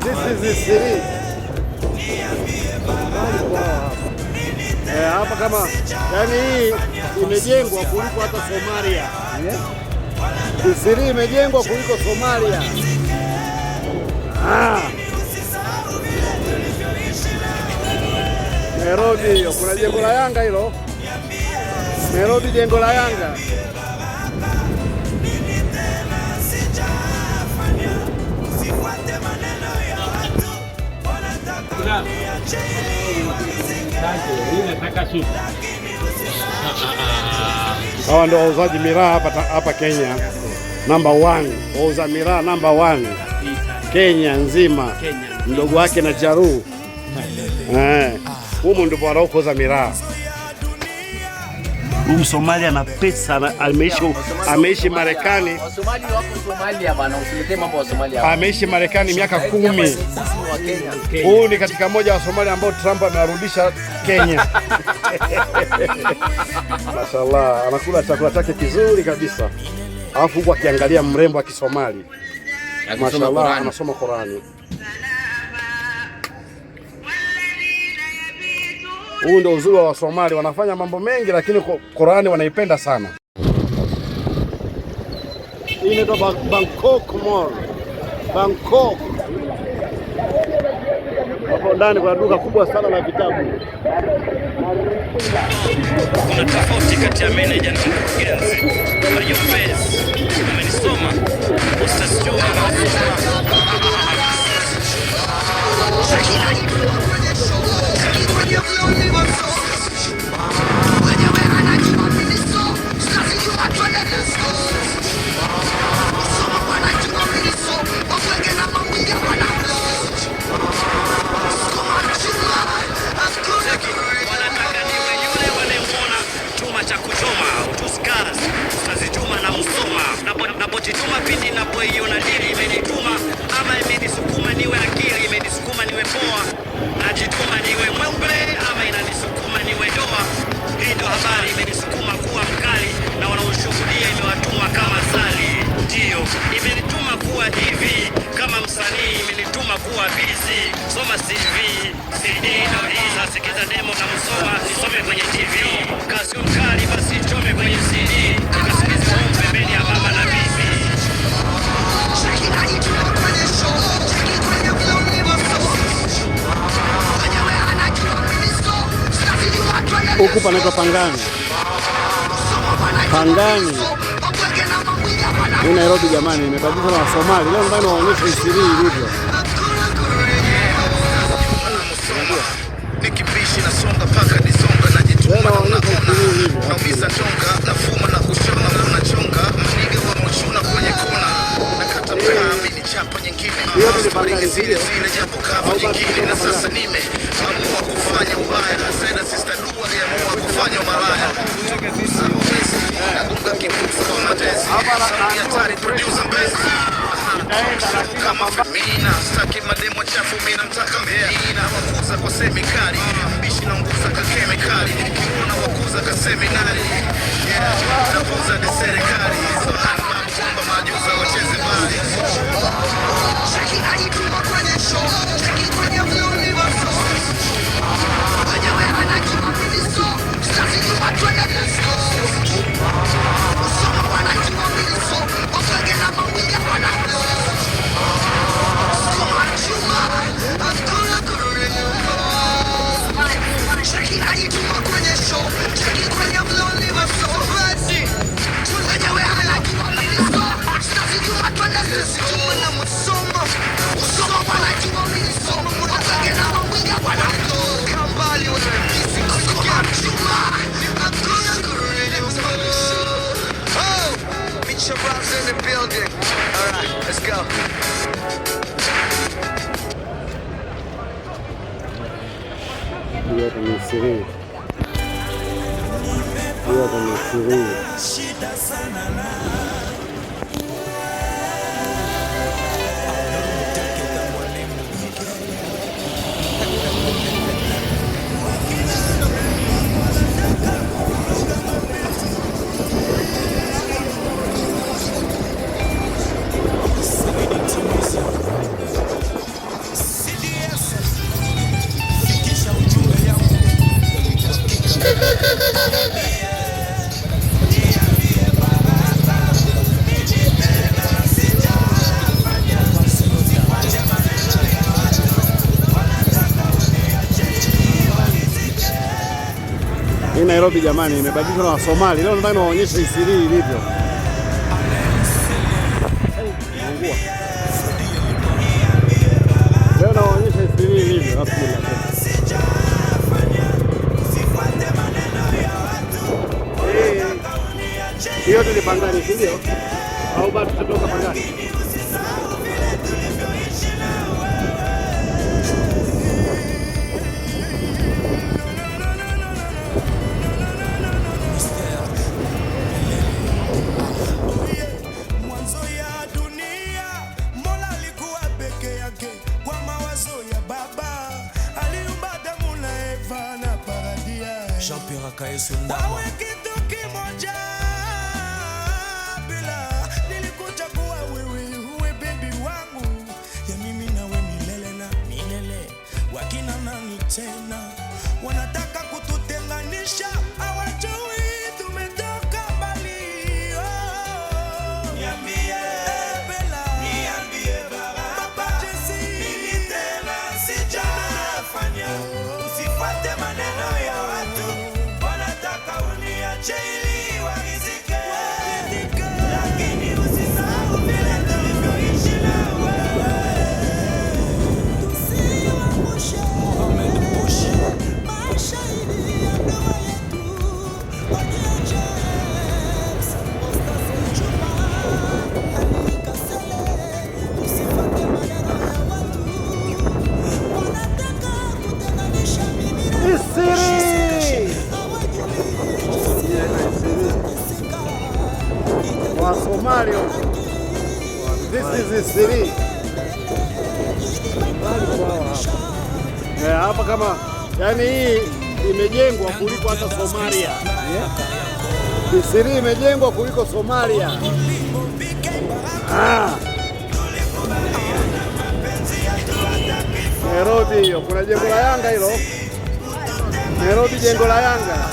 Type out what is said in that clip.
This is series. Eh, hapa kama yani hii imejengwa kuliko hata Somalia. Misri imejengwa kuliko Somalia. Ah. Nairobi hiyo kuna jengo la Yanga hilo. Nairobi jengo la Yanga. Hawa ndio wauzaji miraa hapa Kenya, namba one, wauza miraa namba one Kenya nzima, mdogo wake na jaruu eh. humu ndipo wanaokoza miraa huyu Msomali ana pesa, ameishi Marekani, ameishi Marekani miaka kumi. huu ni katika moja wa Somalia ambao Trump amewarudisha Kenya. Mashallah, anakula chakula chake kizuri kabisa, alafu huku akiangalia mrembo wa Kisomali. Mashallah, anasoma Qurani. Huu ndio uzuri wa Wasomali, wanafanya mambo mengi, lakini Qurani wanaipenda sana. Hii inaitwa Bangkok Mall. Bangkok hapo ndani kuna duka kubwa sana la vitabu. Kuna tofauti kati ya meneja na mkurugenzi. face amenisoma ustajua napata demo na msoma nisome kwenye TV, kazi mkali basi chome kwenye CD, tukasikiza pembeni ya na bibi. Huku panaitwa Pangani, Pangani ni Nairobi jamani, imebadilishwa na Wasomali leo. mbani naonyesha historia ilivyo nasonga paka nisonga najituma na unaona naumiza chonga na fuma na kushona na unachonga mnige wa mchuna kwenye kona na kata pami chapa nyingine stori zile zile japo kavu nyingine na sasa nime amua kufanya ubaya sasa sister dua ya amua kufanya malaya nagonga kimfuko kwa matezi sauti hatari producer best Mina staki mademo chafu, mina mtaka mbea. Mina wakuza kwa semikali, mbishi na nguza ka kemikali. Kiona wakuza ka seminari, yeah, nakuza ni serikali Marshall Rob's in the building. All right, let's go. Nairobi jamani, imebadilishwa na Wasomali. Leo nataka niwaonyeshe Isili ilivyo. Leo nawaonyesha Isili ilivyo. Hiyo tulipangani, si Au bado tutatoka pangani? Yesu ndani. Wawe kitu kimoja. change. Eh, hapa kama yani hii imejengwa kuliko hata Somalia. Misri imejengwa kuliko Somalia. Nairobi ah. hiyo kuna jengo la Yanga hilo. Nairobi jengo la Yanga